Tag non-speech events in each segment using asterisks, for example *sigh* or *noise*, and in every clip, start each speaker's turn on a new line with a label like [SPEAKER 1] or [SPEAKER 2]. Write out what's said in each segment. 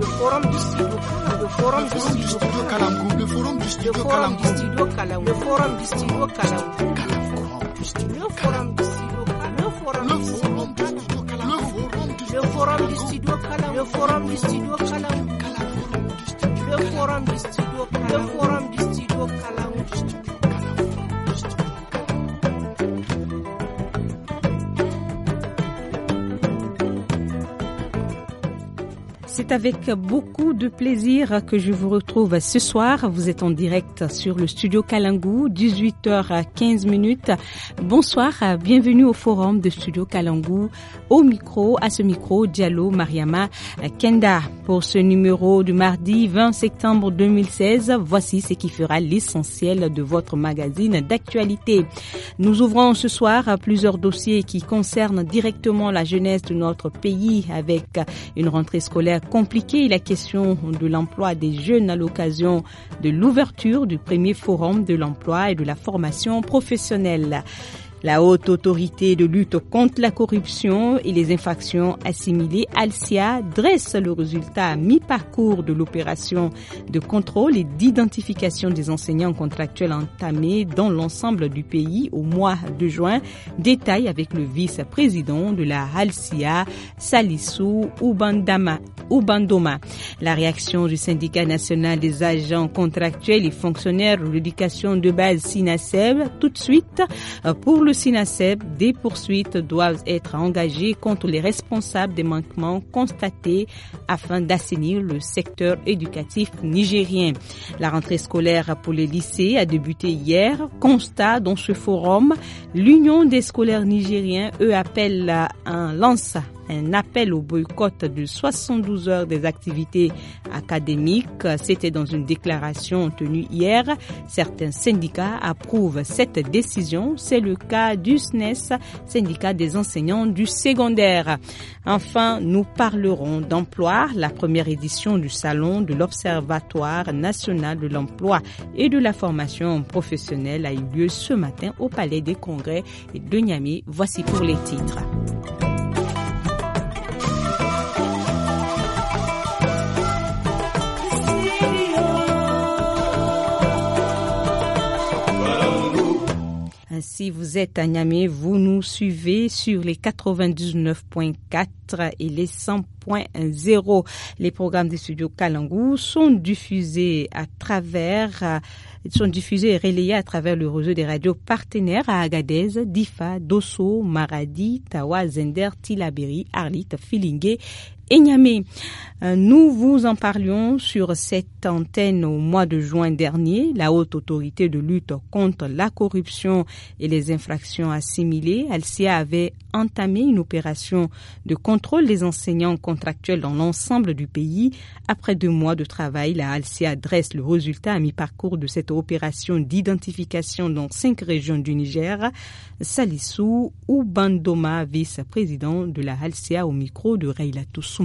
[SPEAKER 1] le forum du studio le forum du studio le forum du studio
[SPEAKER 2] le forum du studio le forum du studio
[SPEAKER 3] Forum le
[SPEAKER 1] forum du studio le forum du studio le forum du studio Kalamkou le forum du studio le forum du
[SPEAKER 2] C'est avec beaucoup de plaisir que je vous retrouve ce soir. Vous êtes en direct sur le studio Kalangou, 18h15 minutes. Bonsoir, bienvenue au forum de studio Kalangou. Au micro, à ce micro, Diallo Mariama Kenda. Pour ce numéro du mardi 20 septembre 2016, voici ce qui fera l'essentiel de votre magazine d'actualité. Nous ouvrons ce soir plusieurs dossiers qui concernent directement la jeunesse de notre pays avec une rentrée scolaire compliquer la question de l'emploi des jeunes à l'occasion de l'ouverture du premier forum de l'emploi et de la formation professionnelle. La haute autorité de lutte contre la corruption et les infractions assimilées, ALCIA, dresse le résultat à mi-parcours de l'opération de contrôle et d'identification des enseignants contractuels entamés dans l'ensemble du pays au mois de juin. Détail avec le vice-président de la ALCIA, Salissou Ubandama, Ubandoma. La réaction du syndicat national des agents contractuels et fonctionnaires de l'éducation de base SINASEB tout de suite euh, pour le le SINASEB, des poursuites doivent être engagées contre les responsables des manquements constatés afin d'assainir le secteur éducatif nigérien. La rentrée scolaire pour les lycées a débuté hier. Constat dans ce forum, l'Union des scolaires nigériens, eux, appelle un lance un appel au boycott de 72 heures des activités académiques. C'était dans une déclaration tenue hier. Certains syndicats approuvent cette décision. C'est le cas du SNES, e syndicat des enseignants du secondaire. Enfin, nous parlerons d'emploi, la première édition du salon de l'Observatoire national de l'emploi et de la formation professionnelle a eu lieu ce matin au Palais des Congrès de Niamey. Voici pour les titres. Si vous êtes à Niamey, vous nous suivez sur les 99.4 et les 100.0. Les programmes des studios Kalangu sont diffusés à travers euh, sont diffusés et relayés à travers le réseau des radios partenaires à Agadez, Difa, Dosso, Maradi, Tawa, Zender, Tilaberi, Arlit, Filingue, et euh, Nous vous en parlions sur cette antenne au mois de juin dernier. La haute autorité de lutte contre la corruption et les infractions assimilées, Alcia avait entamé une opération de contrôle des enseignants contractuels dans l'ensemble du pays. Après deux mois de travail, la Alcia dresse le résultat à mi-parcours de cette opération d'identification dans cinq régions du Niger. Salissou Bandoma, vice-président de la Alcia au micro de Reila Toussou.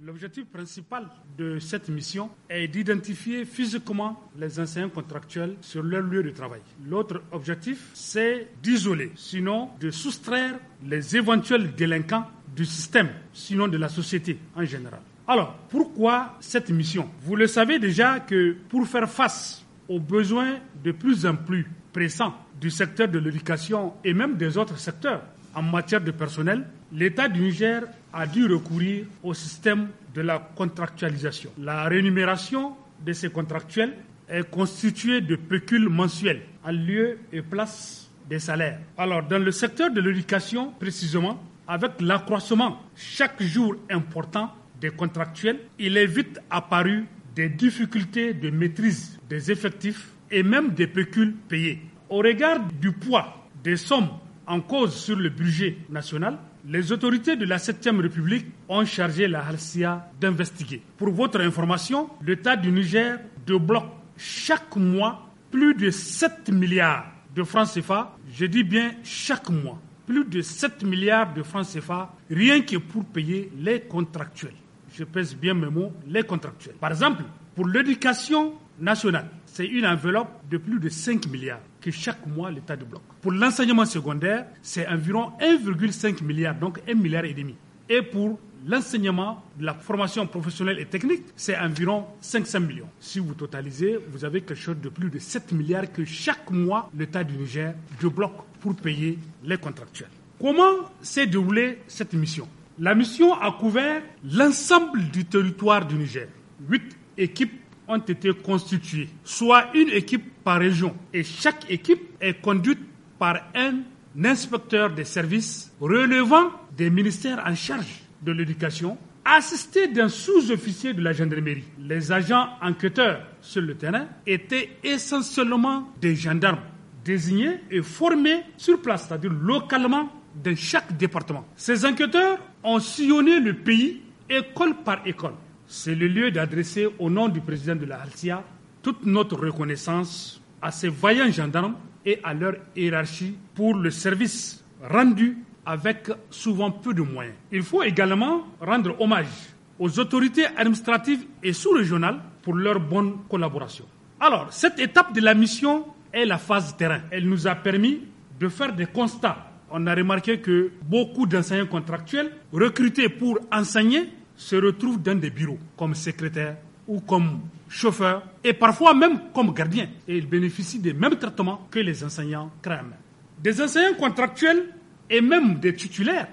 [SPEAKER 4] L'objectif principal de cette mission est d'identifier physiquement les enseignants contractuels sur leur lieu de travail. L'autre objectif, c'est d'isoler, sinon de soustraire les éventuels délinquants du système, sinon de la société en général. Alors, pourquoi cette mission Vous le savez déjà que pour faire face aux besoins de plus en plus pressants du secteur de l'éducation et même des autres secteurs, en matière de personnel, l'État du Niger a dû recourir au système de la contractualisation. La rémunération de ces contractuels est constituée de pécules mensuelles, en lieu et place des salaires. Alors, dans le secteur de l'éducation, précisément, avec l'accroissement chaque jour important des contractuels, il est vite apparu des difficultés de maîtrise des effectifs et même des pécules payés. Au regard du poids des sommes en cause sur le budget national, les autorités de la 7e République ont chargé la Halcia d'investiguer. Pour votre information, l'État du Niger débloque chaque mois plus de 7 milliards de francs CFA. Je dis bien chaque mois, plus de 7 milliards de francs CFA, rien que pour payer les contractuels. Je pèse bien mes mots, les contractuels. Par exemple, pour l'éducation nationale, c'est une enveloppe de plus de 5 milliards que chaque mois l'État bloc. Pour l'enseignement secondaire, c'est environ 1,5 milliard, donc 1 milliard et demi. Et pour l'enseignement, la formation professionnelle et technique, c'est environ 500 millions. Si vous totalisez, vous avez quelque chose de plus de 7 milliards que chaque mois l'État du Niger débloque pour payer les contractuels. Comment s'est déroulée cette mission La mission a couvert l'ensemble du territoire du Niger. Huit équipes ont été constituées, soit une équipe par région. Et chaque équipe est conduite par un inspecteur des services relevant des ministères en charge de l'éducation, assisté d'un sous-officier de la gendarmerie. Les agents enquêteurs sur le terrain étaient essentiellement des gendarmes désignés et formés sur place, c'est-à-dire localement dans chaque département. Ces enquêteurs ont sillonné le pays école par école c'est le lieu d'adresser au nom du président de la HALTIA toute notre reconnaissance à ces vaillants gendarmes et à leur hiérarchie pour le service rendu avec souvent peu de moyens. Il faut également rendre hommage aux autorités administratives et sous-régionales pour leur bonne collaboration. Alors, cette étape de la mission est la phase terrain. Elle nous a permis de faire des constats. On a remarqué que beaucoup d'enseignants contractuels recrutés pour enseigner se retrouvent dans des bureaux comme secrétaire ou comme chauffeur et parfois même comme gardien. Et ils bénéficient des mêmes traitements que les enseignants crèmes. Des enseignants contractuels et même des titulaires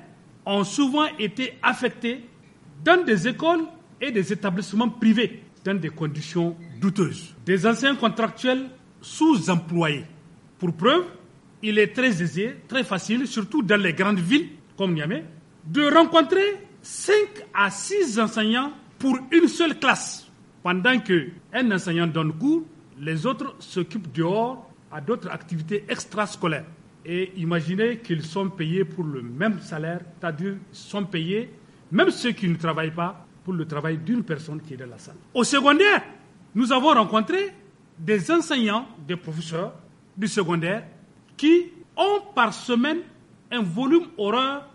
[SPEAKER 4] ont souvent été affectés dans des écoles et des établissements privés dans des conditions douteuses. Des enseignants contractuels sous-employés. Pour preuve, il est très aisé, très facile, surtout dans les grandes villes comme Niamey, de rencontrer 5 à 6 enseignants pour une seule classe. Pendant qu'un enseignant donne cours, les autres s'occupent dehors à d'autres activités extrascolaires. Et imaginez qu'ils sont payés pour le même salaire, c'est-à-dire sont payés, même ceux qui ne travaillent pas, pour le travail d'une personne qui est dans la salle. Au secondaire, nous avons rencontré des enseignants, des professeurs du secondaire qui ont par semaine un volume horaire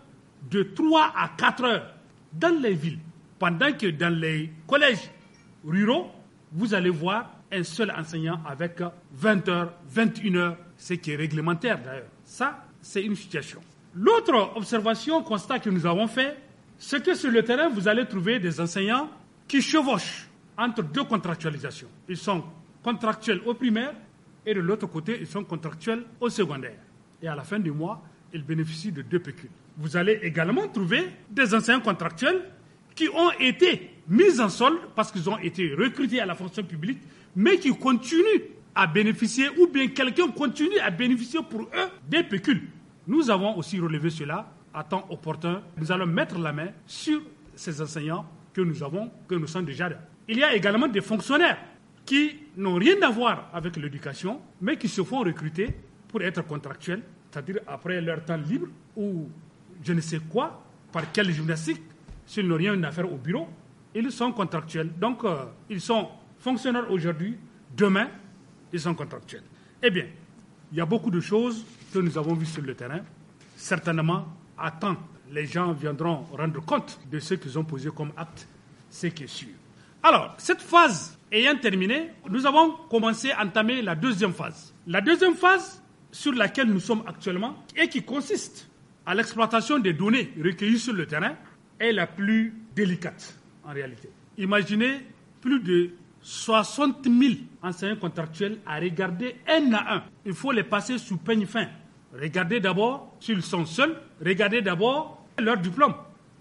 [SPEAKER 4] de 3 à 4 heures dans les villes, pendant que dans les collèges ruraux, vous allez voir un seul enseignant avec 20 heures, 21 heures, ce qui est réglementaire d'ailleurs. Ça, c'est une situation. L'autre observation, constat que nous avons fait, c'est que sur le terrain, vous allez trouver des enseignants qui chevauchent entre deux contractualisations. Ils sont contractuels au primaire et de l'autre côté, ils sont contractuels au secondaire. Et à la fin du mois, ils bénéficient de deux pécules vous allez également trouver des enseignants contractuels qui ont été mis en solde parce qu'ils ont été recrutés à la fonction publique, mais qui continuent à bénéficier, ou bien quelqu'un continue à bénéficier pour eux des pécules. Nous avons aussi relevé cela à temps opportun. Nous allons mettre la main sur ces enseignants que nous avons, que nous sommes déjà là. Il y a également des fonctionnaires qui n'ont rien à voir avec l'éducation, mais qui se font recruter pour être contractuels, c'est-à-dire après leur temps libre ou je ne sais quoi, par quelle gymnastique, s'ils n'ont rien à faire au bureau, ils sont contractuels. Donc, euh, ils sont fonctionnaires aujourd'hui, demain, ils sont contractuels. Eh bien, il y a beaucoup de choses que nous avons vues sur le terrain. Certainement, à temps, les gens viendront rendre compte de ce qu'ils ont posé comme acte, c'est qui sûr. Alors, cette phase ayant terminé, nous avons commencé à entamer la deuxième phase. La deuxième phase sur laquelle nous sommes actuellement et qui consiste à l'exploitation des données recueillies sur le terrain est la plus délicate en réalité. Imaginez plus de 60 000 enseignants contractuels à regarder un à un. Il faut les passer sous peigne fin. Regardez d'abord s'ils sont seuls, regardez d'abord leur diplôme.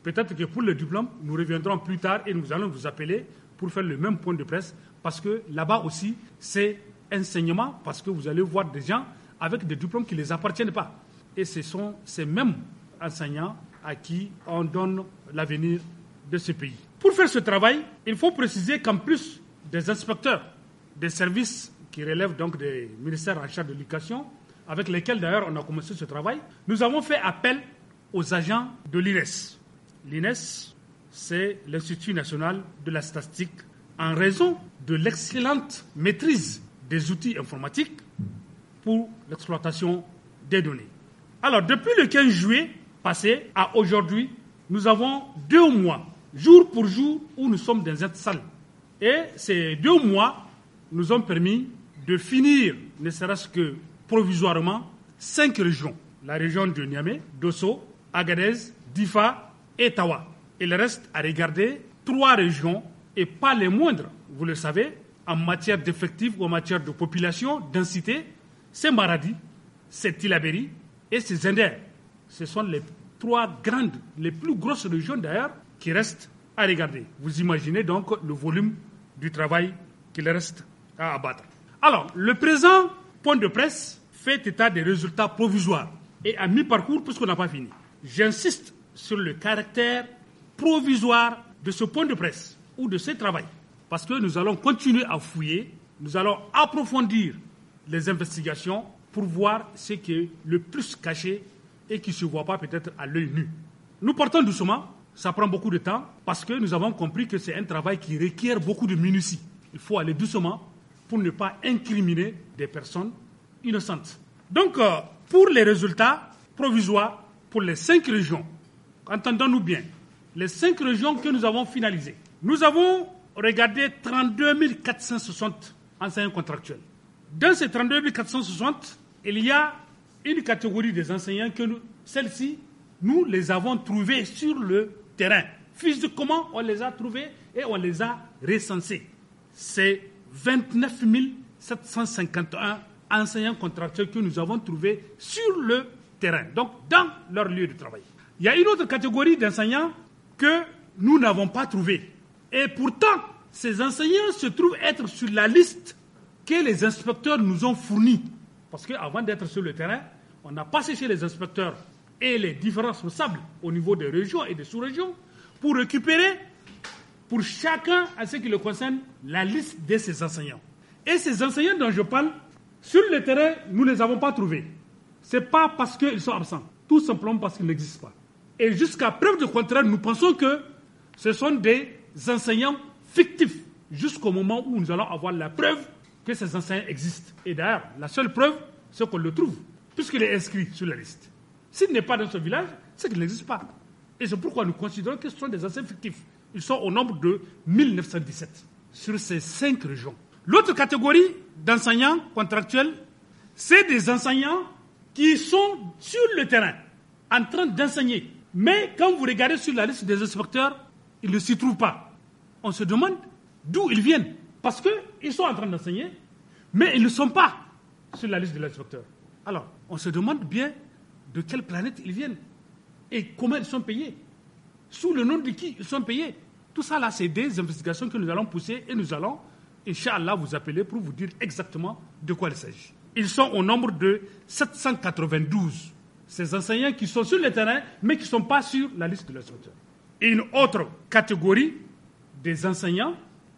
[SPEAKER 4] Peut-être que pour le diplôme, nous reviendrons plus tard et nous allons vous appeler pour faire le même point de presse parce que là-bas aussi, c'est enseignement parce que vous allez voir des gens avec des diplômes qui ne les appartiennent pas et ce sont ces mêmes enseignants à qui on donne l'avenir de ce pays. Pour faire ce travail, il faut préciser qu'en plus des inspecteurs des services qui relèvent donc des ministères en charge de l'éducation, avec lesquels d'ailleurs on a commencé ce travail, nous avons fait appel aux agents de l'INES. L'INES, c'est l'Institut national de la statistique, en raison de l'excellente maîtrise des outils informatiques pour l'exploitation des données. Alors, depuis le 15 juillet passé à aujourd'hui, nous avons deux mois, jour pour jour, où nous sommes dans cette salle. Et ces deux mois nous ont permis de finir, ne serait-ce que provisoirement, cinq régions. La région de Niamey, Dosso, Agadez, Difa et Tawa. Il reste à regarder trois régions et pas les moindres, vous le savez, en matière d'effectifs ou en matière de population, densité, c'est Maradi, c'est Tilaberi, et ces Indères, Ce sont les trois grandes, les plus grosses régions d'ailleurs, qui restent à regarder. Vous imaginez donc le volume du travail qu'il reste à abattre. Alors, le présent point de presse fait état des résultats provisoires et à mi-parcours puisqu'on n'a pas fini. J'insiste sur le caractère provisoire de ce point de presse ou de ce travail parce que nous allons continuer à fouiller, nous allons approfondir les investigations pour voir ce qui est le plus caché et qui ne se voit pas peut-être à l'œil nu. Nous partons doucement, ça prend beaucoup de temps parce que nous avons compris que c'est un travail qui requiert beaucoup de minutie. Il faut aller doucement pour ne pas incriminer des personnes innocentes. Donc, euh, pour les résultats provisoires, pour les cinq régions, entendons-nous bien, les cinq régions que nous avons finalisées, nous avons regardé 32 460 enseignants contractuels. Dans ces 32 460, il y a une catégorie des enseignants que nous, celle-ci, nous les avons trouvés sur le terrain. comment on les a trouvés et on les a recensés. C'est 29 751 enseignants contractuels que nous avons trouvés sur le terrain, donc dans leur lieu de travail. Il y a une autre catégorie d'enseignants que nous n'avons pas trouvés. Et pourtant, ces enseignants se trouvent être sur la liste que les inspecteurs nous ont fournie parce qu'avant d'être sur le terrain, on a passé chez les inspecteurs et les différents responsables au niveau des régions et des sous-régions pour récupérer pour chacun, à ce qui le concerne, la liste de ces enseignants. Et ces enseignants dont je parle, sur le terrain, nous ne les avons pas trouvés. Ce n'est pas parce qu'ils sont absents, tout simplement parce qu'ils n'existent pas. Et jusqu'à preuve du contraire, nous pensons que ce sont des enseignants fictifs, jusqu'au moment où nous allons avoir la preuve que ces enseignants existent. Et d'ailleurs, la seule preuve, c'est qu'on le trouve, puisqu'il est inscrit sur la liste. S'il n'est pas dans ce village, c'est qu'il n'existe pas. Et c'est pourquoi nous considérons que ce sont des enseignants fictifs. Ils sont au nombre de 1917 sur ces cinq régions. L'autre catégorie d'enseignants contractuels, c'est des enseignants qui sont sur le terrain, en train d'enseigner. Mais quand vous regardez sur la liste des inspecteurs, ils ne s'y trouvent pas. On se demande d'où ils viennent. Parce qu'ils sont en train d'enseigner, mais ils ne sont pas sur la liste de l'instructeur. Alors, on se demande bien de quelle planète ils viennent et comment ils sont payés. Sous le nom de qui ils sont payés. Tout ça, là, c'est des investigations que nous allons pousser et nous allons, Inch'Allah, vous appeler pour vous dire exactement de quoi il s'agit. Ils sont au nombre de 792, ces enseignants qui sont sur le terrain, mais qui ne sont pas sur la liste de l'instructeur. Une autre catégorie des enseignants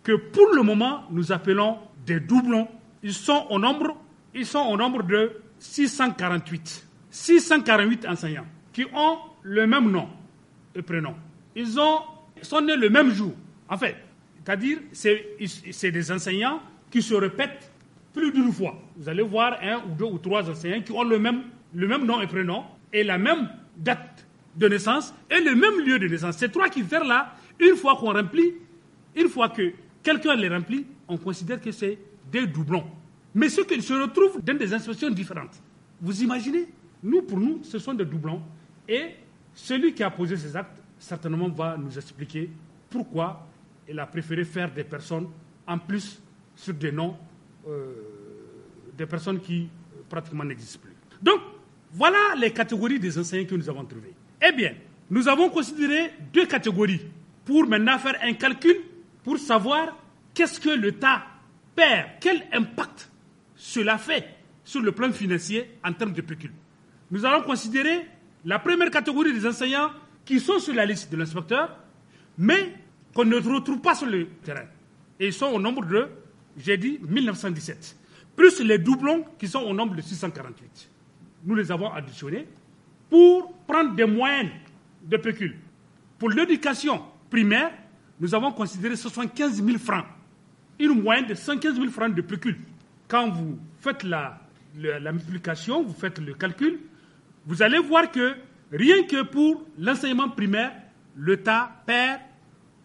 [SPEAKER 4] que pour le moment, nous appelons des doublons. Ils sont au nombre, ils sont au nombre de 648. 648 enseignants qui ont le même nom et prénom. Ils ont, sont nés le même jour. En fait, c'est-à-dire, c'est des enseignants qui se répètent plus d'une fois. Vous allez voir un ou deux ou trois enseignants qui ont le même, le même nom et prénom et la même date de naissance et le même lieu de naissance. Ces trois qui vers là, une fois qu'on remplit, une fois que quelqu'un les remplit, on considère que c'est des doublons. Mais ceux qui se retrouvent dans des institutions différentes, vous imaginez Nous, pour nous, ce sont des doublons. Et celui qui a posé ces actes, certainement, va nous expliquer pourquoi il a préféré faire des personnes en plus sur des noms, euh, des personnes qui euh, pratiquement n'existent plus. Donc, voilà les catégories des enseignants que nous avons trouvées. Eh bien, nous avons considéré deux catégories pour maintenant faire un calcul pour savoir qu'est-ce que l'État perd, quel impact cela fait sur le plan financier en termes de pécule. Nous allons considérer la première catégorie des enseignants qui sont sur la liste de l'inspecteur, mais qu'on ne retrouve pas sur le terrain. Et ils sont au nombre de, j'ai dit, 1917, plus les doublons qui sont au nombre de 648. Nous les avons additionnés pour prendre des moyens de pécule pour l'éducation primaire nous avons considéré 75 000 francs, une moyenne de 115 000 francs de pécule. Quand vous faites la, multiplication, vous faites le calcul, vous allez voir que rien que pour l'enseignement primaire, l'État perd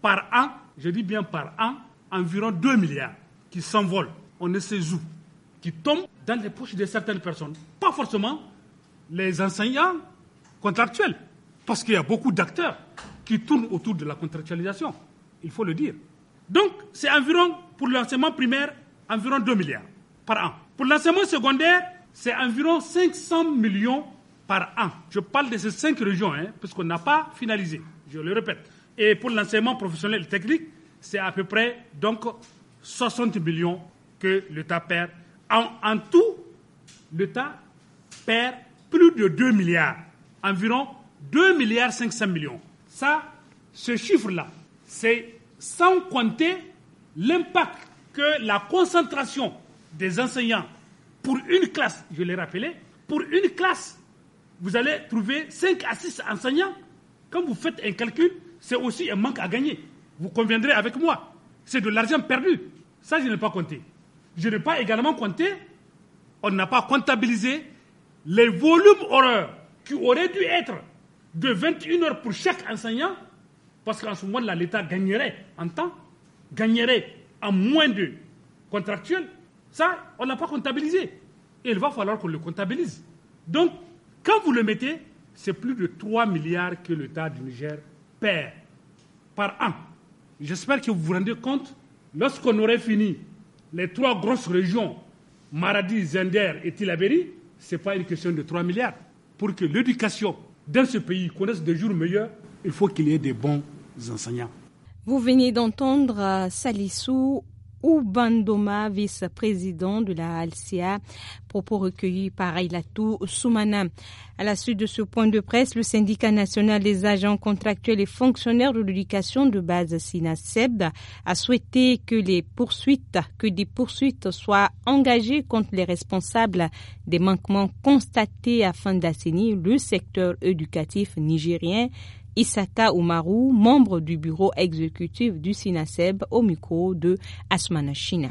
[SPEAKER 4] par an, je dis bien par an, environ 2 milliards qui s'envolent, on ne sait où, qui tombent dans les poches de certaines personnes. Pas forcément les enseignants contractuels, parce qu'il y a beaucoup d'acteurs qui tournent autour de la contractualisation il faut le dire. Donc, c'est environ, pour l'enseignement primaire, environ 2 milliards par an. Pour l'enseignement secondaire, c'est environ 500 millions par an. Je parle de ces cinq régions, hein, puisqu'on n'a pas finalisé, je le répète. Et pour l'enseignement professionnel et technique, c'est à peu près donc 60 millions que l'État perd. En, tout, l'État perd plus de 2 milliards, environ 2 milliards 500 millions. Ça, ce chiffre-là, c'est sans compter l'impact que la concentration des enseignants pour une classe, je l'ai rappelé, pour une classe, vous allez trouver 5 à 6 enseignants. Quand vous faites un calcul, c'est aussi un manque à gagner. Vous conviendrez avec moi. C'est de l'argent perdu. Ça, je n'ai pas compté. Je n'ai pas également compté, on n'a pas comptabilisé les volumes horaires qui auraient dû être de 21 heures pour chaque enseignant parce qu'en ce moment-là, l'État gagnerait en temps, gagnerait en moins de contractuels. Ça, on n'a pas comptabilisé. Et il va falloir qu'on le comptabilise. Donc, quand vous le mettez, c'est plus de 3 milliards que l'État du Niger perd par an. J'espère que vous vous rendez compte, lorsqu'on aurait fini les trois grosses régions, Maradi, Zender et Tilaberi, ce n'est pas une question de 3 milliards. Pour que l'éducation dans ce pays connaisse des jours meilleurs, il faut qu'il y ait des bons enseignants.
[SPEAKER 2] Vous venez d'entendre euh, Salissou Ubandoma, vice-président de la Alcia, propos recueillis par Ailatou Soumana. À la suite de ce point de presse, le syndicat national des agents contractuels et fonctionnaires de l'éducation de base SINASEB a souhaité que les poursuites, que des poursuites soient engagées contre les responsables des manquements constatés afin d'assainir le secteur éducatif nigérien Issata Umaru, membre du bureau exécutif du SINASEB, au micro de Asmanachina.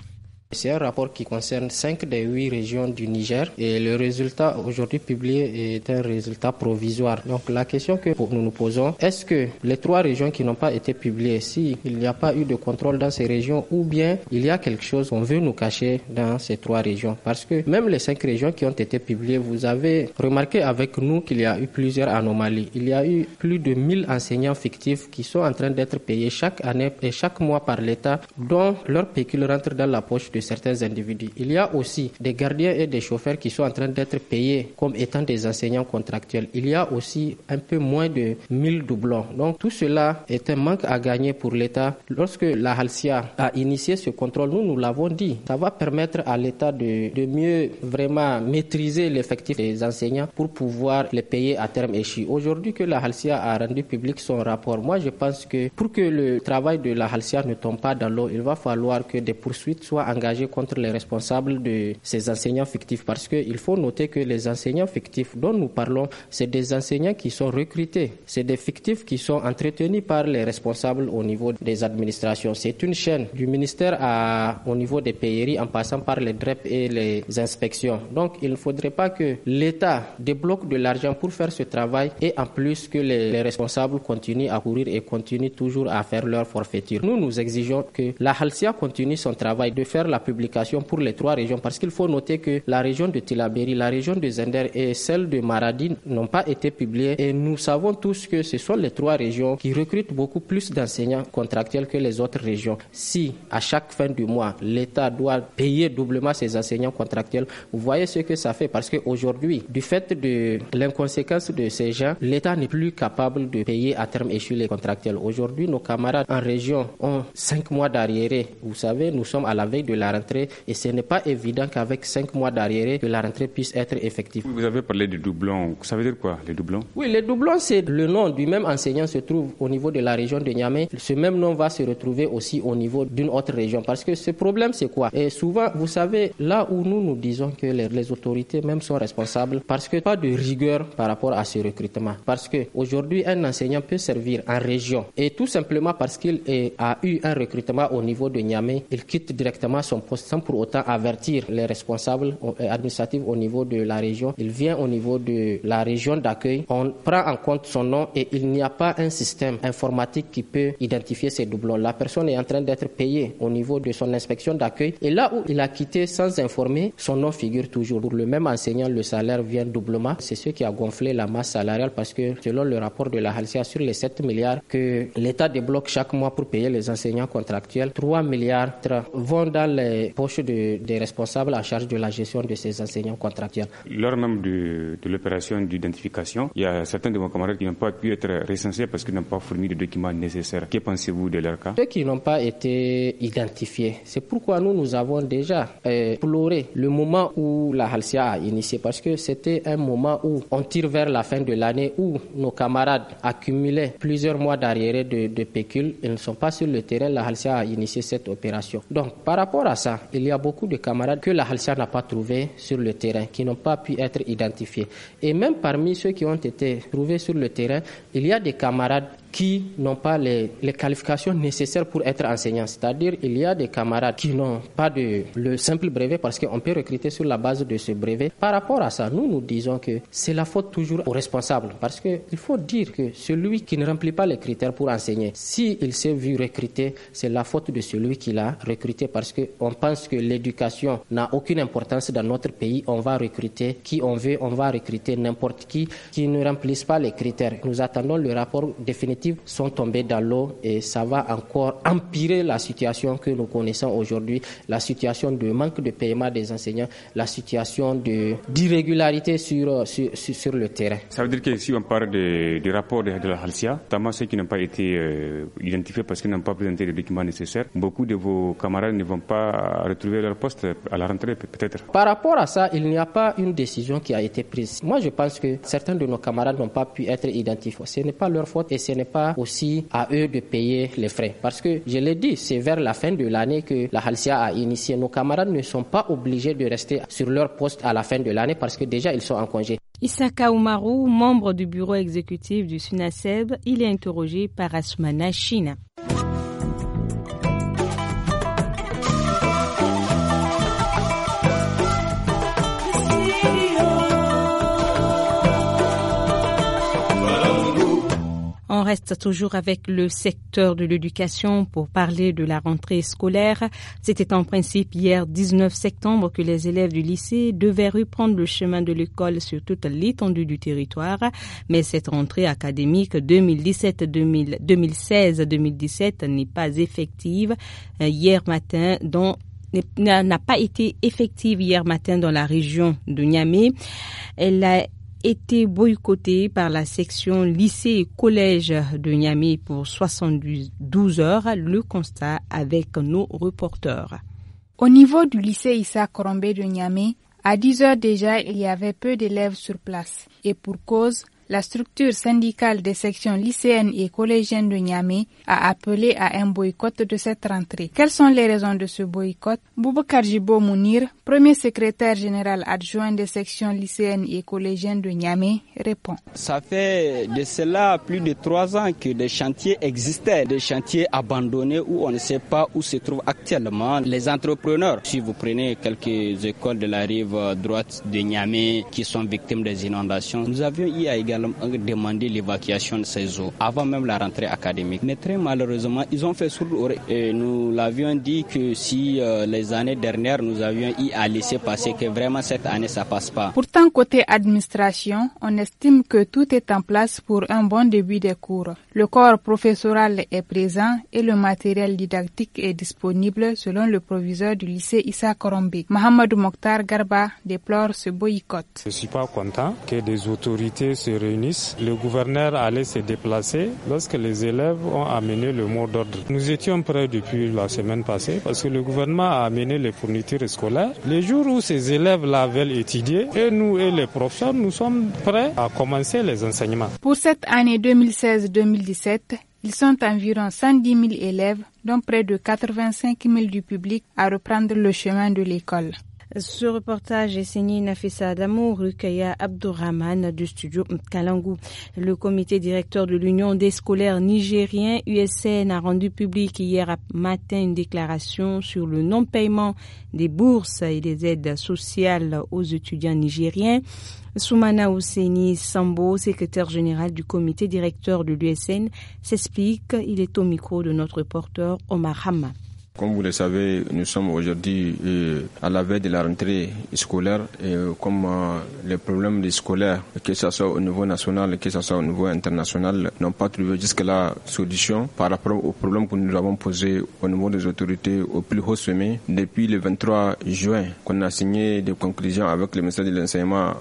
[SPEAKER 1] C'est un rapport qui concerne 5 des 8 régions du Niger et le résultat aujourd'hui publié est un résultat provisoire. Donc la question que nous nous posons, est-ce que les trois régions qui n'ont pas été publiées, s'il n'y a pas eu de contrôle dans ces régions ou bien il y a quelque chose qu'on veut nous cacher dans ces trois régions Parce que même les cinq régions qui ont été publiées, vous avez remarqué avec nous qu'il y a eu plusieurs anomalies. Il y a eu plus de 1000 enseignants fictifs qui sont en train d'être payés chaque année et chaque mois par l'État dont leur pécule rentre dans la poche de certains individus. Il y a aussi des gardiens et des chauffeurs qui sont en train d'être payés comme étant des enseignants contractuels. Il y a aussi un peu moins de 1000 doublons. Donc tout cela est un manque à gagner pour l'État. Lorsque la Halcia a initié ce contrôle, nous, nous l'avons dit, ça va permettre à l'État de, de mieux vraiment maîtriser l'effectif des enseignants pour pouvoir les payer à terme échu. Aujourd'hui que la Halcia a rendu public son rapport, moi je pense que pour que le travail de la Halcia ne tombe pas dans l'eau, il va falloir que des poursuites soient engagées contre les responsables de ces enseignants fictifs parce qu'il faut noter que les enseignants fictifs dont nous parlons, c'est des enseignants qui sont recrutés, c'est des fictifs qui sont entretenus par les responsables au niveau des administrations. C'est une chaîne du ministère à, au niveau des PRI en passant par les DREP et les inspections. Donc il ne faudrait pas que l'État débloque de l'argent pour faire ce travail et en plus que les, responsables continuent à courir et continuent toujours à faire leur forfaiture. Nous, nous exigeons que la Halcia continue son travail de faire la publication pour les trois régions parce qu'il faut noter que la région de Tilaberi, la région de Zender et celle de Maradi n'ont pas été publiées et nous savons tous que ce sont les trois régions qui recrutent beaucoup plus d'enseignants contractuels que les autres régions. Si à chaque fin du mois, l'État doit payer doublement ses enseignants contractuels, vous voyez ce que ça fait parce qu'aujourd'hui, du fait de l'inconséquence de ces gens, l'État n'est plus capable de payer à terme échu les contractuels. Aujourd'hui, nos camarades en région ont cinq mois d'arriéré. Vous savez, nous sommes à la veille de la rentrée et ce n'est pas évident qu'avec cinq mois d'arriéré, que la rentrée puisse être effective.
[SPEAKER 5] Vous avez parlé de doublons. Ça veut dire quoi, les doublons
[SPEAKER 1] Oui, les doublons, c'est le nom du même enseignant se trouve au niveau de la région de Niamey. Ce même nom va se retrouver aussi au niveau d'une autre région. Parce que ce problème, c'est quoi Et souvent, vous savez, là où nous nous disons que les, autorités même sont responsables, parce que pas de rigueur par rapport à ce recrutement. Parce que aujourd'hui, un enseignant peut servir en région et tout simplement parce qu'il a eu un recrutement au niveau de Niamey, il quitte directement son poste sans pour autant avertir les responsables euh, administratifs au niveau de la région. Il vient au niveau de la région d'accueil. On prend en compte son nom et il n'y a pas un système informatique qui peut identifier ces doublons. La personne est en train d'être payée au niveau de son inspection d'accueil et là où il a quitté sans informer, son nom figure toujours. Pour le même enseignant, le salaire vient doublement. C'est ce qui a gonflé la masse salariale parce que selon le rapport de la Halcia sur les 7 milliards que l'État débloque chaque mois pour payer les enseignants contractuels, 3 milliards vont dans les des responsables en charge de la gestion de ces enseignants contractuels.
[SPEAKER 5] Lors même de, l'opération d'identification, il y a certains de mes camarades qui n'ont pas pu être recensés parce qu'ils n'ont pas fourni de documents nécessaires. Que pensez-vous de leur cas Ceux
[SPEAKER 1] qui n'ont pas été identifiés, c'est pourquoi nous, nous avons déjà euh, pleuré le moment où la Halcia a initié parce que c'était un moment où on tire vers la fin de l'année où nos camarades accumulaient plusieurs mois d'arriérés de, de pécule. Ils ne sont pas sur le terrain. La Halcia a initié cette opération. Donc, par rapport à ça, il y a beaucoup de camarades que la Halsar n'a pas trouvé sur le terrain, qui n'ont pas pu être identifiés. Et même parmi ceux qui ont été trouvés sur le terrain, il y a des camarades qui n'ont pas les, qualifications nécessaires pour être enseignant. C'est-à-dire, il y a des camarades qui n'ont pas de, le simple brevet parce qu'on peut recruter sur la base de ce brevet. Par rapport à ça, nous, nous disons que c'est la faute toujours aux responsables parce qu'il faut dire que celui qui ne remplit pas les critères pour enseigner, s'il s'est vu recruter, c'est la faute de celui qui l'a recruté parce qu'on pense que l'éducation n'a aucune importance dans notre pays. On va recruter qui on veut, on va recruter n'importe qui qui ne remplisse pas les critères. Nous attendons le rapport définitif sont tombés dans l'eau et ça va encore empirer la situation que nous connaissons aujourd'hui, la situation de manque de paiement des enseignants, la situation d'irrégularité euh, sur, sur, sur, le terrain.
[SPEAKER 5] Ça veut dire que si on parle des rapports de, la Halcia, notamment ceux qui n'ont pas été euh, identifiés parce qu'ils n'ont pas présenté les documents nécessaires, beaucoup de vos camarades ne vont pas retrouver leur poste à la rentrée peut-être.
[SPEAKER 1] Par rapport à ça, il n'y a pas une décision qui a été prise. Moi, je pense que certains de nos camarades n'ont pas pu être identifiés. Ce n'est pas leur faute et ce n'est pas aussi à eux de payer les frais. Parce que, je l'ai dit, c'est vers la fin de l'année que la Halcia a initié. Nos camarades ne sont pas obligés de rester sur leur poste à la fin de l'année parce que déjà ils sont en congé.
[SPEAKER 2] Isaka Oumarou, membre du bureau exécutif du SUNASEB, il est interrogé par Asmana China. reste toujours avec le secteur de l'éducation pour parler de la rentrée scolaire. C'était en principe hier 19 septembre que les élèves du lycée devaient reprendre le chemin de l'école sur toute l'étendue du territoire. Mais cette rentrée académique 2017-2016-2017 n'est pas effective. Euh, hier matin, dans n'a pas été effective hier matin dans la région de Niamey. Elle a été boycotté par la section lycée collège de Niamey pour 72 heures. Le constat avec nos reporters.
[SPEAKER 6] Au niveau du lycée Issa Korombe de Niamey, à 10 heures déjà, il y avait peu d'élèves sur place. Et pour cause, la structure syndicale des sections lycéennes et collégiennes de Niamey a appelé à un boycott de cette rentrée. Quelles sont les raisons de ce boycott Boubacar Jibo Mounir, premier secrétaire général adjoint des sections lycéennes et collégiennes de Niamey, répond.
[SPEAKER 1] Ça fait de cela plus de trois ans que des chantiers existaient, des chantiers abandonnés où on ne sait pas où se trouvent actuellement les entrepreneurs. Si vous prenez quelques écoles de la rive droite de Niamey qui sont victimes des inondations, nous avions eu également ont demander l'évacuation de ces eaux avant même la rentrée académique. Mais très malheureusement, ils ont fait sourire nous l'avions dit que si euh, les années dernières, nous avions eu à laisser passer, que vraiment cette année, ça passe pas.
[SPEAKER 6] Pourtant, côté administration, on estime que tout est en place pour un bon début des cours. Le corps professoral est présent et le matériel didactique est disponible selon le proviseur du lycée Issa Korombi. Mohamed Mokhtar Garba déplore ce boycott.
[SPEAKER 4] Je suis pas content que des autorités se le gouverneur allait se déplacer lorsque les élèves ont amené le mot d'ordre. Nous étions prêts depuis la semaine passée parce que le gouvernement a amené les fournitures scolaires. Les jours où ces élèves l'avaient étudié, et nous et les professeurs, nous sommes prêts à commencer les enseignements.
[SPEAKER 6] Pour cette année 2016-2017, ils sont environ 110 000 élèves, dont près de 85 000 du public, à reprendre le chemin de l'école.
[SPEAKER 2] Ce reportage est signé Nafisa Adamo, Rukaya Abdurrahman du studio Kalangu. Le comité directeur de l'Union des scolaires nigériens USN a rendu public hier matin une déclaration sur le non-paiement des bourses et des aides sociales aux étudiants nigériens. Soumana Ouseni Sambo, secrétaire général du comité directeur de l'USN, s'explique. Il est au micro de notre reporter Omar Hamma.
[SPEAKER 5] Comme vous le savez, nous sommes aujourd'hui euh, à la veille de la rentrée scolaire et euh, comme euh, les problèmes des scolaires, que ce soit au niveau national, que ce soit au niveau international, n'ont pas trouvé jusque la solution par rapport aux problèmes que nous avons posés au niveau des autorités au plus haut sommet. Depuis le 23 juin, qu'on a signé des conclusions avec le ministère de l'Enseignement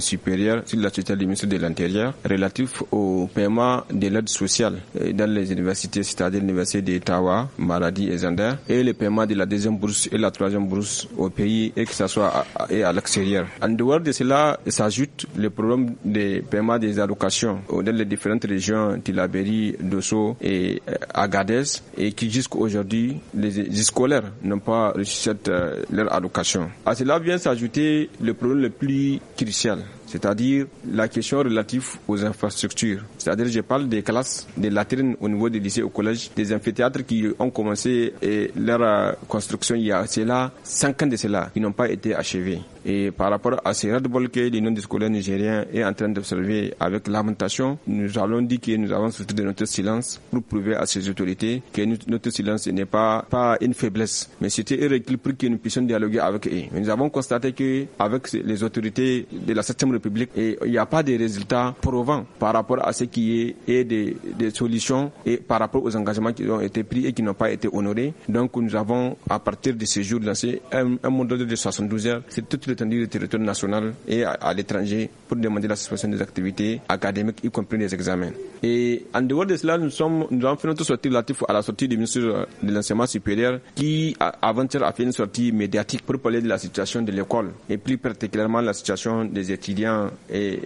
[SPEAKER 5] supérieur sur la tutelle du ministère de l'Intérieur relatif au paiement de l'aide sociale dans les universités, c'est-à-dire l'université d'Ottawa, maladie et Zander et le paiement de la deuxième bourse et la troisième bourse au pays et que ça soit à, et à l'extérieur. En dehors de cela, s'ajoute le problème des paiements des allocations dans les différentes régions Tilaberi, Dosso et euh, Agadez et qui jusqu'à aujourd'hui, les scolaires n'ont pas reçu cette, euh, leur allocation. À cela vient s'ajouter le problème le plus crucial c'est-à-dire la question relative aux infrastructures. C'est-à-dire, je parle des classes, des latrines au niveau des lycées, au collège, des amphithéâtres qui ont commencé et leur euh, construction il y a cela, cinq ans de cela, qui n'ont pas été achevés. Et par rapport à ces ras bol que l'Union des scolaires nigériens est en train d'observer avec lamentation, nous allons dire que nous avons soutenu de notre silence pour prouver à ces autorités que notre silence n'est pas, pas une faiblesse, mais c'était un recul pour que nous puissions dialoguer avec eux. nous avons constaté que avec les autorités de la 7 République, et il n'y a pas de résultats probants par rapport à ce qui est et des, solutions et par rapport aux engagements qui ont été pris et qui n'ont pas été honorés. Donc nous avons, à partir de ce jour, lancé un, un mandat de 72 heures. C'est toute étendue du territoire national et à, l'étranger pour demander la suspension des activités académiques, y compris les examens. Et en dehors de cela, nous sommes, nous avons fait notre sortie relative à la sortie du ministre euh, de l'enseignement supérieur qui, avant-hier, a fait une sortie médiatique pour parler de la situation de l'école et plus particulièrement la situation des étudiants et,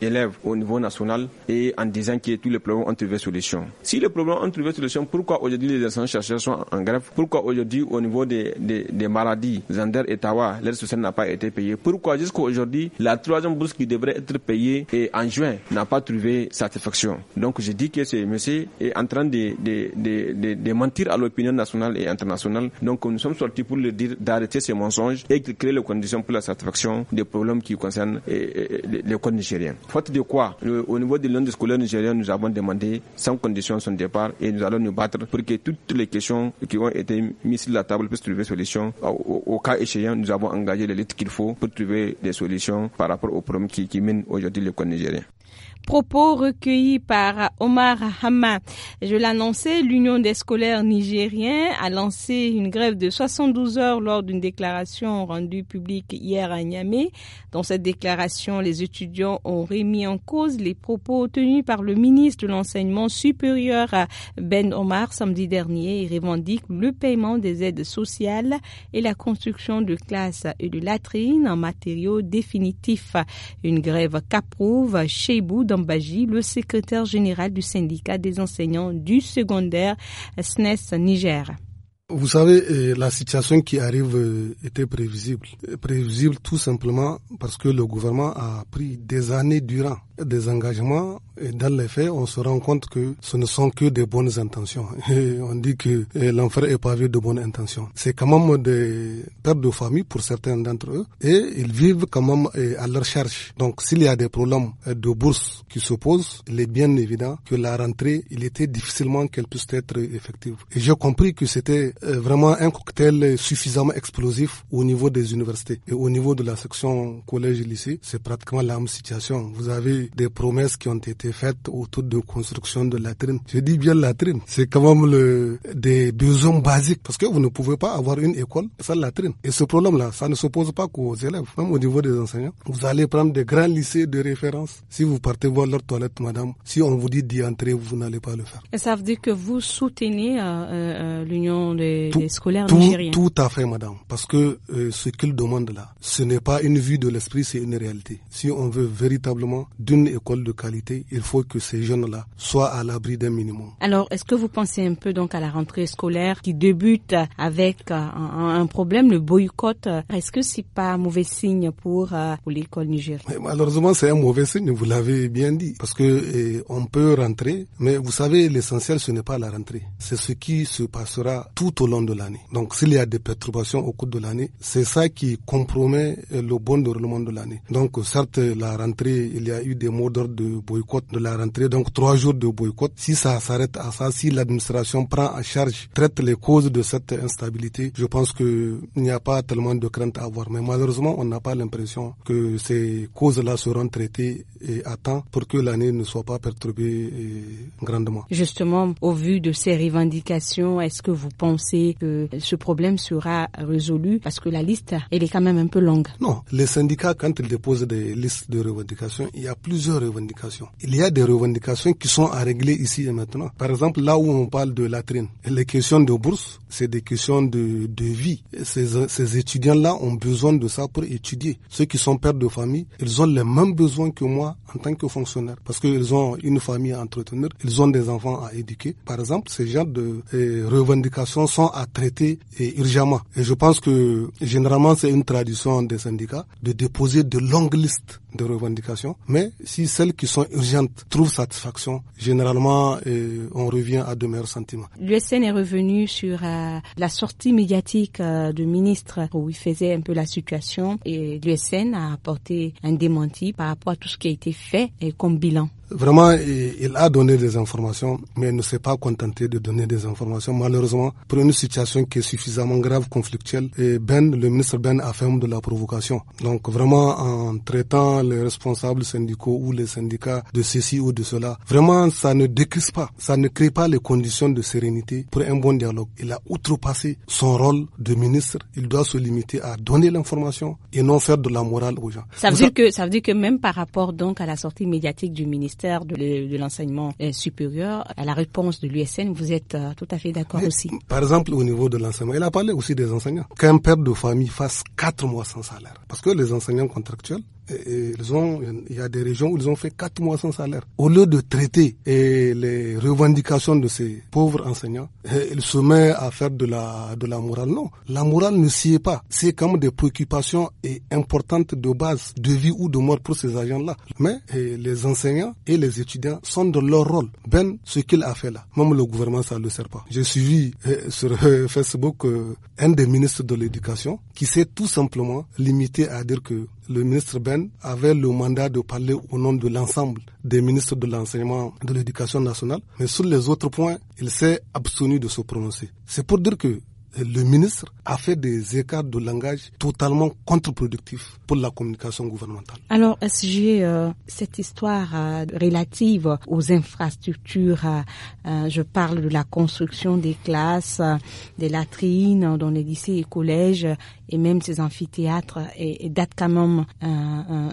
[SPEAKER 5] élèves au niveau national et en disant que tous les problèmes ont trouvé solution. Si les problèmes ont trouvé solution, pourquoi aujourd'hui les enseignants-chercheurs sont en grève Pourquoi aujourd'hui au niveau des, des, des maladies, Zander et Tawa, l'aide sociale n'a pas été pourquoi jusqu'à aujourd'hui, la troisième bourse qui devrait être payée et en juin n'a pas trouvé satisfaction. Donc je dis que ce monsieur est en train de, de, de, de mentir à l'opinion nationale et internationale. Donc nous sommes sortis pour le dire d'arrêter ces mensonges et de créer les conditions pour la satisfaction des problèmes qui concernent euh, euh, les codes nigériens. Faute de quoi, euh, au niveau de des scolaires nigériens, nous avons demandé sans condition son départ et nous allons nous battre pour que toutes les questions qui ont été mises sur la table puissent trouver solution. Au, au cas échéant, nous avons engagé les luttes qu'il faut pour trouver des solutions par rapport aux problèmes qui, qui minent aujourd'hui le nigérien.
[SPEAKER 2] Propos recueillis par Omar Hama. Je l'annonçais, l'Union des scolaires nigériens a lancé une grève de 72 heures lors d'une déclaration rendue publique hier à Niamey. Dans cette déclaration, les étudiants ont remis en cause les propos tenus par le ministre de l'enseignement supérieur Ben Omar samedi dernier et revendiquent le paiement des aides sociales et la construction de classes et de latrines en matériaux définitifs. Une grève qu'approuve Cheboud le secrétaire général du syndicat des enseignants du secondaire SNES e Niger.
[SPEAKER 7] Vous savez, euh, la situation qui arrive euh, était prévisible. Prévisible tout simplement parce que le gouvernement a pris des années durant des engagements et dans les faits, on se rend compte que ce ne sont que des bonnes intentions. *laughs* on dit que eh, l'enfer est pavé de bonnes intentions. C'est quand même des pertes de famille pour certains d'entre eux et ils vivent quand même eh, à leur charge. Donc s'il y a des problèmes eh, de bourse qui s'opposent, posent, il est bien évident que la rentrée, il était difficilement qu'elle puisse être effective. Et j'ai compris que c'était vraiment un cocktail suffisamment explosif au niveau des universités et au niveau de la section collège-lycée. C'est pratiquement la même situation. Vous avez des promesses qui ont été faites autour de construction de latrines. Je dis bien latrines. C'est quand même le, des besoins basiques parce que vous ne pouvez pas avoir une école sans latrines. Et ce problème-là, ça ne s'oppose pas qu'aux élèves, même au niveau des enseignants. Vous allez prendre des grands lycées de référence. Si vous partez voir leur toilette, madame, si on vous dit d'y entrer, vous n'allez pas le faire.
[SPEAKER 2] Et ça veut dire que vous soutenez euh, euh, l'Union des, scolaires tout, nigériens
[SPEAKER 7] Tout à fait, madame. Parce que euh, ce qu'ils demandent là, ce n'est pas une vue de l'esprit, c'est une réalité. Si on veut véritablement d'une école de qualité, il faut que ces jeunes-là soient à l'abri d'un minimum.
[SPEAKER 2] Alors, est-ce que vous pensez un peu donc à la rentrée scolaire qui débute avec euh, un, problème, le boycott Est-ce que c'est pas un mauvais signe pour, euh, pour l'école nigérienne
[SPEAKER 7] Malheureusement, c'est un mauvais signe. Vous l'avez bien dit, parce que eh, on peut rentrer, mais vous savez, l'essentiel ce n'est pas la rentrée, c'est ce qui se passera tout au long de l'année. Donc, s'il y a des perturbations au cours de l'année, c'est ça qui compromet eh, le bon déroulement de l'année. Donc, certes, la rentrée, il y a eu des mots de boycott de la rentrée, donc trois jours de boycott. Si ça s'arrête à ça, si l'administration prend en charge, traite les causes de cette instabilité, je pense qu'il n'y a pas tellement de crainte à avoir. Mais malheureusement, on n'a pas l'impression que ces causes-là seront traitées et à temps pour que l'année ne soit pas perturbée grandement.
[SPEAKER 2] Justement, au vu de ces revendications, est-ce que vous pensez que ce problème sera résolu Parce que la liste, elle est quand même un peu longue.
[SPEAKER 7] Non, les syndicats, quand ils déposent des listes de revendications, il y a plus plusieurs revendications. Il y a des revendications qui sont à régler ici et maintenant. Par exemple, là où on parle de latrine, les questions de bourse, c'est des questions de, de vie. Ces, ces étudiants-là ont besoin de ça pour étudier. Ceux qui sont pères de famille, ils ont les mêmes besoins que moi en tant que fonctionnaire parce qu'ils ont une famille à entretenir, ils ont des enfants à éduquer. Par exemple, ces genres de eh, revendications sont à traiter et eh, urgemment. Et je pense que généralement, c'est une tradition des syndicats de déposer de longues listes de revendications, mais si celles qui sont urgentes trouvent satisfaction, généralement, euh, on revient à de meilleurs sentiments.
[SPEAKER 2] L'USN est revenu sur euh, la sortie médiatique euh, du ministre où il faisait un peu la situation et l'USN a apporté un démenti par rapport à tout ce qui a été fait et comme bilan. Vraiment,
[SPEAKER 7] il a donné des informations, mais il ne s'est pas contenté de donner des informations. Malheureusement, pour une situation qui est suffisamment grave, conflictuelle, et Ben, le ministre Ben affirme de la provocation. Donc vraiment, en traitant les responsables syndicaux ou les syndicats de ceci ou de cela, vraiment, ça ne décrisse pas, ça ne crée pas les conditions de sérénité pour un bon dialogue. Il a outrepassé son rôle de ministre. Il doit se limiter à donner l'information et non faire de la morale aux gens. Ça veut, dire
[SPEAKER 2] que, ça veut dire que même par rapport donc à la sortie médiatique du ministre, de l'enseignement euh, supérieur, à la réponse de l'USN, vous êtes euh, tout à fait d'accord aussi.
[SPEAKER 7] Par exemple, au niveau de l'enseignement, il a parlé aussi des enseignants. Qu'un père de famille fasse quatre mois sans salaire. Parce que les enseignants contractuels, ils ont, il y a des régions où ils ont fait quatre mois sans salaire. Au lieu de traiter les revendications de ces pauvres enseignants, ils se mettent à faire de la, de la morale. Non, la morale ne s'y est pas. C'est comme des préoccupations et importantes de base, de vie ou de mort pour ces agents-là. Mais les enseignants et les étudiants sont dans leur rôle. Ben, ce qu'il a fait là, même le gouvernement, ça ne le sert pas. J'ai suivi sur *laughs* Facebook euh, un des ministres de l'éducation qui s'est tout simplement limité à dire que le ministre Ben avait le mandat de parler au nom de l'ensemble des ministres de l'enseignement de l'éducation nationale, mais sur les autres points, il s'est abstenu de se prononcer. C'est pour dire que le ministre a fait des écarts de langage totalement contre-productifs pour la communication gouvernementale.
[SPEAKER 2] Alors, SG, euh, cette histoire euh, relative aux infrastructures, euh, euh, je parle de la construction des classes, des latrines dans les lycées et collèges et même ces amphithéâtres et, date quand même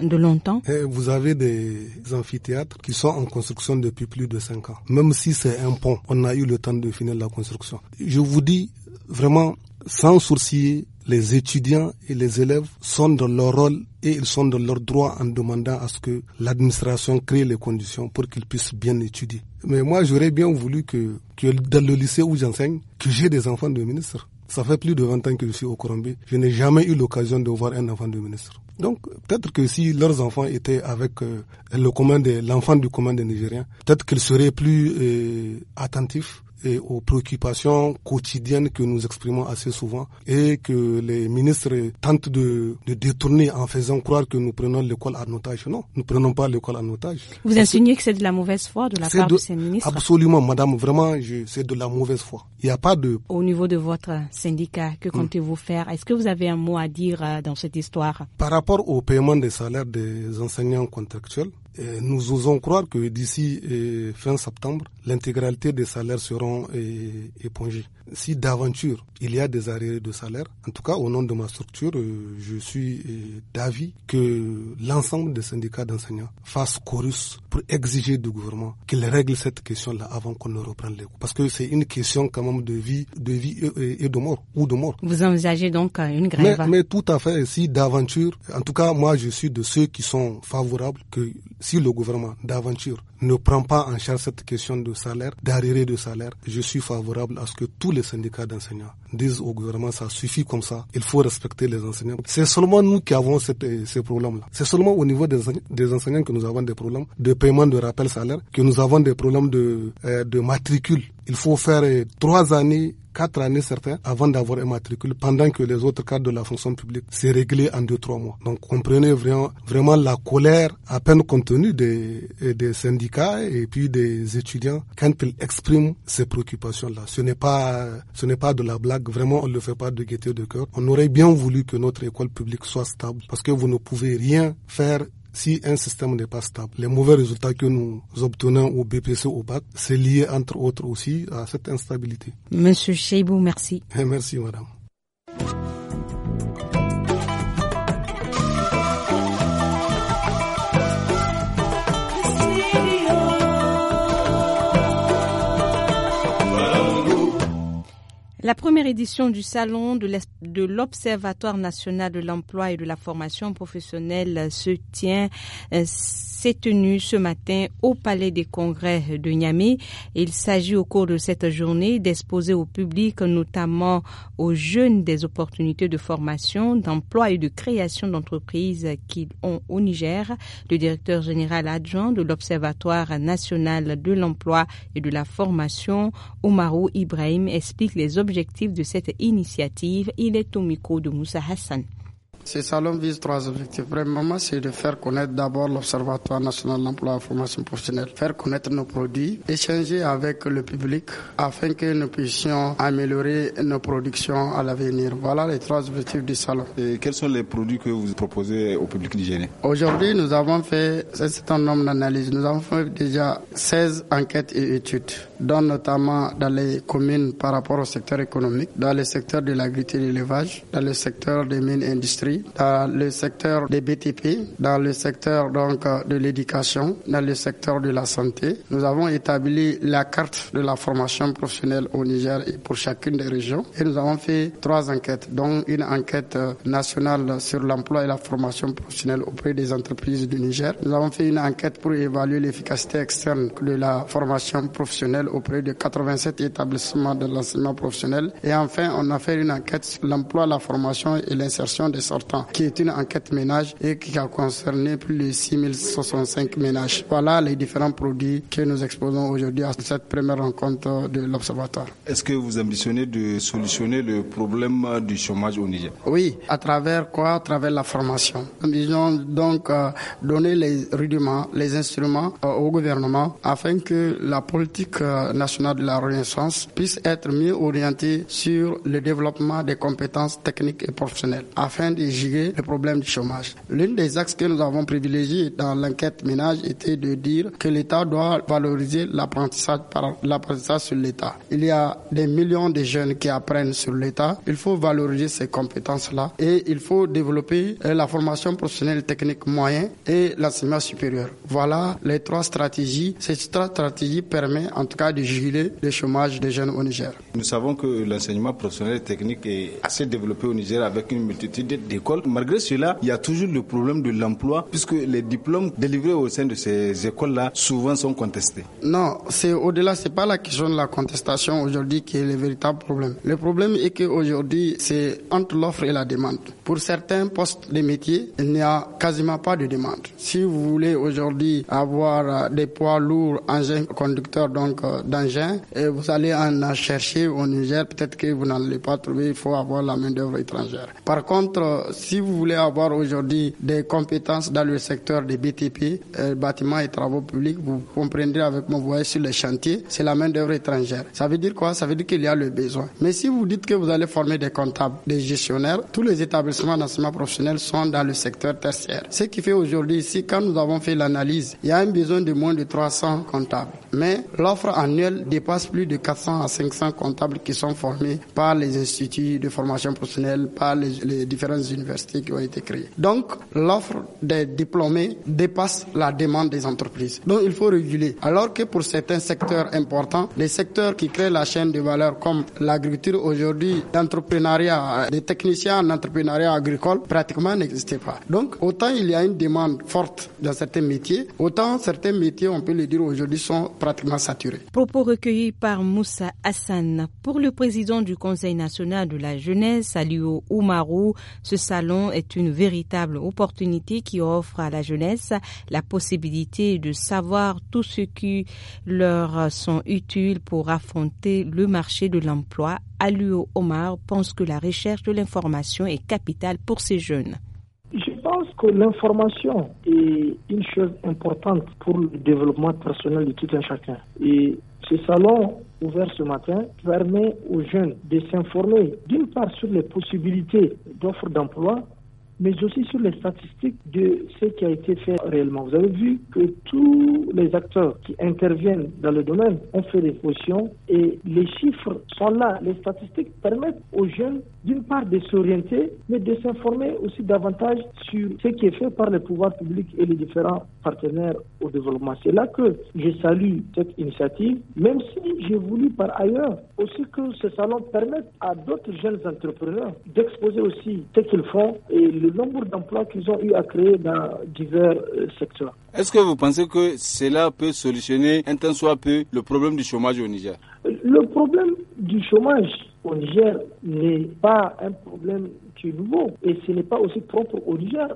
[SPEAKER 2] de longtemps.
[SPEAKER 7] vous avez des amphithéâtres qui sont en construction depuis plus de cinq ans. Même si c'est un pont, on a eu le temps de finir la construction. Je vous dis, vraiment, sans sourciller, les étudiants et les élèves sont dans leur rôle et ils sont dans leur droit en demandant à ce que l'administration crée les conditions pour qu'ils puissent bien étudier. Mais moi, j'aurais bien voulu que, que dans le lycée où j'enseigne, que j'ai des enfants de ministres. Ça fait plus de 20 ans que je suis au Colombie. Je n'ai jamais eu l'occasion de voir un enfant de ministre. Donc, peut-être que si leurs enfants étaient avec euh, l'enfant du commun des Nigériens, peut-être qu'ils seraient plus euh, attentifs et aux préoccupations quotidiennes que nous exprimons assez souvent et que les ministres tentent de, détourner en faisant croire que nous prenons l'école à otage. Non, nous ne prenons pas l'école à otage.
[SPEAKER 2] Vous insinuez que c'est de la mauvaise foi de la part de, de ces ministres Absolument,
[SPEAKER 7] madame, vraiment, c'est de la mauvaise foi. Il n'y a pas de...
[SPEAKER 2] Au niveau de votre syndicat, que hmm. comptez-vous faire Est-ce que vous avez un mot à dire euh, dans cette histoire
[SPEAKER 7] Par rapport au paiement des salaires des enseignants contractuels, euh, nous osons croire que d'ici euh, fin septembre, l'intégralité des salaires seront euh, épongés. Si d'aventure il y a des arrêts de salaire, en tout cas au nom de ma structure, je suis d'avis que l'ensemble des syndicats d'enseignants fassent chorus pour exiger du gouvernement qu'il règle cette question-là avant qu'on ne reprenne les cours. Parce que c'est une question quand même de vie, de vie et de mort ou de mort.
[SPEAKER 2] Vous envisagez donc une grève mais,
[SPEAKER 7] mais tout à fait. Si d'aventure, en tout cas moi je suis de ceux qui sont favorables que si le gouvernement d'aventure ne prend pas en charge cette question de salaire, d'arriéré de salaire, je suis favorable à ce que tous les syndicats d'enseignants disent au gouvernement ça suffit comme ça, il faut respecter les enseignants. C'est seulement nous qui avons euh, ces problèmes-là. C'est seulement au niveau des, enseignants que nous avons des problèmes de paiement de rappel salaire, que nous avons des problèmes de, euh, de matricule. Il faut faire euh, trois années quatre années certains avant d'avoir un matricule, pendant que les autres cadres de la fonction publique s'est réglé en deux, trois mois. Donc comprenez vraiment, vraiment la colère à peine contenue des, des syndicats et puis des étudiants quand ils expriment ces préoccupations-là. Ce n'est pas, ce n'est pas de la blague. Vraiment, on ne le fait pas de gaieté de cœur. On aurait bien voulu que notre école publique soit stable parce que vous ne pouvez rien faire si un système n'est pas stable, les mauvais résultats que nous obtenons au BPC, au BAC, c'est lié entre autres aussi à cette instabilité.
[SPEAKER 2] Monsieur Cheibou, merci. *laughs* merci, madame. La première édition du Salon de l'Observatoire national de l'emploi et de la formation professionnelle se tient, euh, s'est tenue ce matin au Palais des Congrès de Niamey. Il s'agit au cours de cette journée d'exposer au public, notamment aux jeunes, des opportunités de formation, d'emploi et de création d'entreprises qu'ils ont au Niger. Le directeur général adjoint de l'Observatoire national de l'emploi et de la formation, Omarou Ibrahim, explique les objectifs de cette initiative. Il est au micro de Moussa Hassan.
[SPEAKER 8] Ce salon vise trois objectifs. Premièrement, c'est de faire connaître d'abord l'Observatoire national d'Emploi et la formation professionnelle, faire connaître nos produits, échanger avec le public afin que nous puissions améliorer nos productions à l'avenir. Voilà les trois objectifs du salon. Et quels sont les produits que vous proposez au public Génie Aujourd'hui, nous avons fait un certain nombre d'analyses. Nous avons fait déjà 16 enquêtes et études notamment dans les communes par rapport au secteur économique, dans le secteur de l'agriculture et de l'élevage, dans le secteur des mines et industries, dans le secteur des BTP, dans le secteur donc euh, de l'éducation, dans le secteur de la santé. Nous avons établi la carte de la formation professionnelle au Niger et pour chacune des régions et nous avons fait trois enquêtes, dont une enquête euh, nationale sur l'emploi et la formation professionnelle auprès des entreprises du Niger. Nous avons fait une enquête pour évaluer l'efficacité externe de la formation professionnelle auprès de 87 établissements de l'enseignement professionnel. Et enfin, on a fait une enquête sur l'emploi, la formation et l'insertion des sortants, qui est une enquête ménage et qui a concerné plus de 6065 ménages. Voilà les différents produits que nous exposons aujourd'hui à cette première rencontre de l'Observatoire.
[SPEAKER 9] Est-ce que vous ambitionnez de solutionner le problème
[SPEAKER 8] du chômage au Niger Oui, à travers quoi À travers la formation. Nous disons donc euh, donner les rudiments, les instruments euh, au gouvernement afin que la politique euh, national de la Renaissance puisse être mieux orienté sur le développement des compétences techniques et professionnelles afin de gérer le problème du chômage. L'une des axes que nous avons privilégié dans l'enquête ménage était de dire que l'État doit valoriser l'apprentissage par l'apprentissage sur l'État. Il y a des millions de jeunes qui apprennent sur l'État. Il faut valoriser ces compétences-là et il faut développer euh, la formation professionnelle technique moyen et l'enseignement supérieur. Voilà les trois stratégies. Cette stratégie permet, en tout cas du gilet de chômage des jeunes au Niger.
[SPEAKER 9] Nous savons que l'enseignement professionnel et technique est assez développé au Niger avec une multitude d'écoles. Malgré cela, il y a toujours le problème de l'emploi puisque les diplômes délivrés au sein de ces écoles-là souvent sont contestés.
[SPEAKER 8] Non, c'est au-delà, c'est pas la question de la contestation aujourd'hui qui est le véritable problème. Le problème est qu'aujourd'hui, c'est entre l'offre et la demande. Pour certains postes de métier, il n'y a quasiment pas de demande. Si vous voulez aujourd'hui avoir des poids lourds, engins conducteurs, donc euh, d'engins et vous allez en chercher au Niger, peut-être que vous n'allez pas trouver, il faut avoir la main-d'œuvre étrangère. Par contre, si vous voulez avoir aujourd'hui des compétences dans le secteur des BTP, bâtiment euh, bâtiments et travaux publics, vous comprendrez avec mon voyage sur les chantiers, c'est la main-d'œuvre étrangère. Ça veut dire quoi Ça veut dire qu'il y a le besoin. Mais si vous dites que vous allez former des comptables, des gestionnaires, tous les établissements d'enseignement professionnel sont dans le secteur tertiaire. Ce qui fait aujourd'hui ici, quand nous avons fait l'analyse, il y a un besoin de moins de 300 comptables. Mais l'offre en annuel dépasse plus de 400 à 500 comptables qui sont formés par les instituts de formation professionnelle, par les, différentes universités qui ont été créées. Donc, l'offre des diplômés dépasse la demande des entreprises. Donc, il faut réguler. Alors que pour certains secteurs importants, les secteurs qui créent la chaîne de valeur comme l'agriculture aujourd'hui, l'entrepreneuriat, les techniciens en entrepreneuriat agricole pratiquement n'existaient pas. Donc, autant il y a une demande forte dans certains métiers, autant certains métiers, on peut le dire aujourd'hui, sont pratiquement saturés.
[SPEAKER 2] Propos recueillis par Moussa Hassan. Pour le président du Conseil national de la jeunesse, Alio Oumarou, ce salon est une véritable opportunité qui offre à la jeunesse la possibilité de savoir tout ce qui leur sont utiles pour affronter le marché de l'emploi. Alio Omar pense que la recherche de l'information est capitale pour ces jeunes.
[SPEAKER 10] Je pense que l'information est une chose importante pour le développement personnel de tout un chacun. Et ce salon ouvert ce matin permet aux jeunes de s'informer d'une part sur les possibilités d'offres d'emploi, mais aussi sur les statistiques de ce qui a été fait réellement. Vous avez vu que
[SPEAKER 3] tous les
[SPEAKER 10] acteurs qui interviennent dans le domaine ont fait des potions et les chiffres sont là. Les statistiques permettent aux jeunes d'une part de s'orienter, mais de s'informer aussi davantage sur ce qui est fait par les pouvoirs publics et les différents partenaires au développement. C'est là que je salue cette initiative, même si j'ai voulu par ailleurs aussi que ce salon permette à d'autres jeunes entrepreneurs d'exposer aussi ce qu'ils font et le nombre d'emplois qu'ils ont eu à créer dans divers euh, secteurs.
[SPEAKER 9] Est-ce que vous pensez que cela peut solutionner un tant soit peu le problème du chômage au Niger
[SPEAKER 10] Le problème du chômage au Niger n'est pas un problème qui est nouveau et ce n'est pas aussi propre au Niger.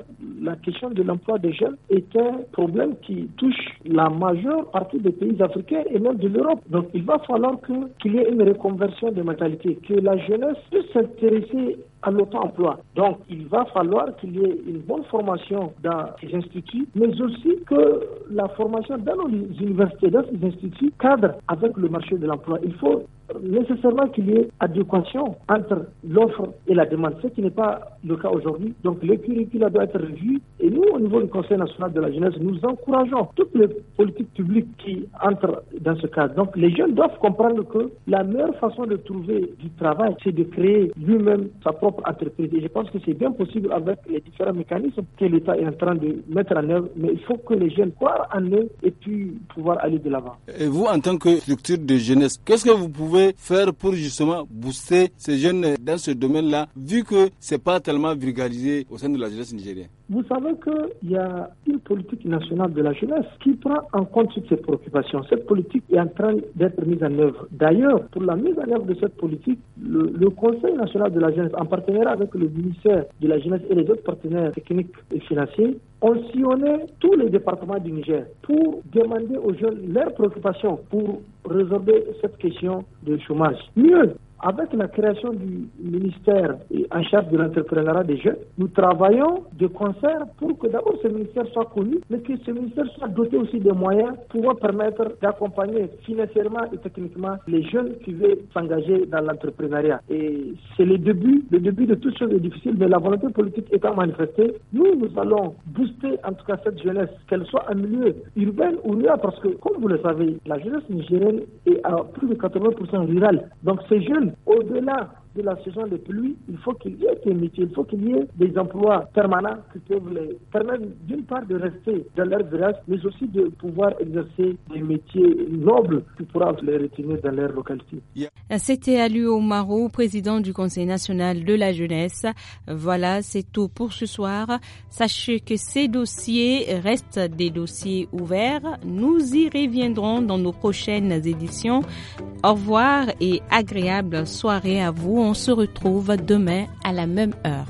[SPEAKER 10] La question de l'emploi des jeunes est un problème qui touche la majeure partie des pays africains et même de l'Europe. Donc il va falloir qu'il y ait une reconversion des mentalités, que la jeunesse puisse s'intéresser à l'auto-emploi. Donc, il va falloir qu'il y ait une bonne formation dans ces instituts, mais aussi que la formation dans nos universités, dans ces instituts, cadre avec le marché de l'emploi. Il faut nécessairement qu'il y ait adéquation entre l'offre et la demande, ce qui n'est pas le cas aujourd'hui. Donc le curriculum doit être revu et nous, au niveau du Conseil national de la jeunesse, nous encourageons toutes les politiques publiques qui entrent dans ce cadre. Donc les jeunes doivent comprendre que la meilleure façon de trouver du travail, c'est de créer lui-même sa propre entreprise. Et je pense que c'est bien possible avec les différents mécanismes que l'État est en train de mettre en œuvre, mais il faut que les jeunes croient en eux et puis pouvoir aller de l'avant.
[SPEAKER 9] Et vous, en tant que structure de jeunesse, qu'est-ce que vous pouvez faire pour justement booster ces jeunes dans ce domaine-là, vu que ce n'est pas tellement vulgarisé au sein de la jeunesse nigérienne
[SPEAKER 10] Vous savez qu'il y a une politique nationale de la jeunesse qui prend en compte toutes ces préoccupations. Cette politique est en train d'être mise en œuvre. D'ailleurs, pour la mise en œuvre de cette politique, le, Conseil national de la jeunesse, en partenariat avec le ministère de la jeunesse et les autres partenaires techniques et financiers, on sillonnait tous les départements du Niger pour demander aux jeunes leurs préoccupations pour résoudre cette question du chômage. Mieux, avec la création du ministère en charge de l'entrepreneuriat des jeunes, nous travaillons de concert pour que d'abord ce ministère soit connu, mais que ce ministère soit doté aussi des moyens pour permettre d'accompagner financièrement et techniquement les jeunes qui veulent s'engager dans l'entrepreneuriat. Et c'est le début, le début de toute choses est difficile, mais la volonté politique étant manifestée, nous, nous allons booster en tout cas cette jeunesse, qu'elle soit en milieu urbain ou rural, parce que comme vous le savez, la jeunesse nigérienne est à plus de 80% rurale. Donc ces jeunes au-delà de la saison de pluie, il faut qu'il y ait des métiers, il faut qu'il y ait des emplois permanents qui peuvent les permettre d'une part de rester dans leur village, mais aussi de pouvoir exercer des métiers nobles qui pourront les retenir dans leur localité.
[SPEAKER 2] C'était Alu Omaro, président du Conseil national de la jeunesse. Voilà, c'est tout pour ce soir. Sachez que ces dossiers restent des dossiers ouverts. Nous y reviendrons dans nos prochaines éditions. Au revoir et agréable soirée à vous on se retrouve demain à la même heure.